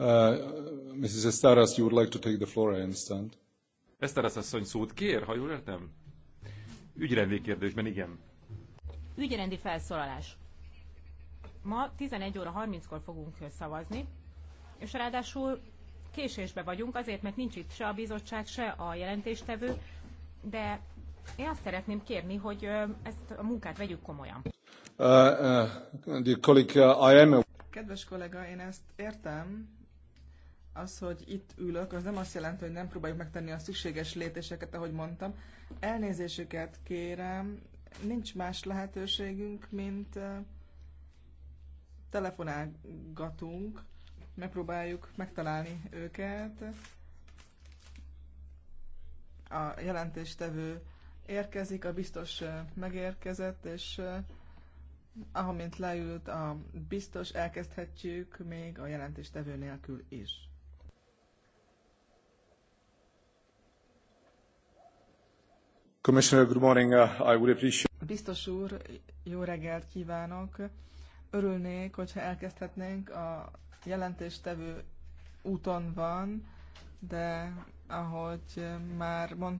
Uh, Mrs. Estaras, you would like to take the floor, I understand. Estaras asszony szót kér, ha jól értem? Ügyrendi kérdésben, igen. Ügyrendi felszólalás. Ma 11 óra 30-kor fogunk szavazni, és ráadásul késésbe vagyunk, azért, mert nincs itt se a bizottság, se a jelentéstevő, de én azt szeretném kérni, hogy ezt a munkát vegyük komolyan. Uh, uh, colleague, uh, I am a... Kedves kollega, én ezt értem, az, hogy itt ülök, az nem azt jelenti, hogy nem próbáljuk megtenni a szükséges lépéseket, ahogy mondtam. Elnézésüket kérem, nincs más lehetőségünk, mint telefonálgatunk, megpróbáljuk megtalálni őket. A jelentéstevő érkezik, a biztos megérkezett, és ahamint leült a biztos, elkezdhetjük még a jelentéstevő nélkül is. Commissioner, good morning. Uh, I would appreciate... Biztos úr, jó reggelt kívánok. Örülnék, hogyha elkezdhetnénk. A jelentéstevő úton van, de ahogy már mondtam,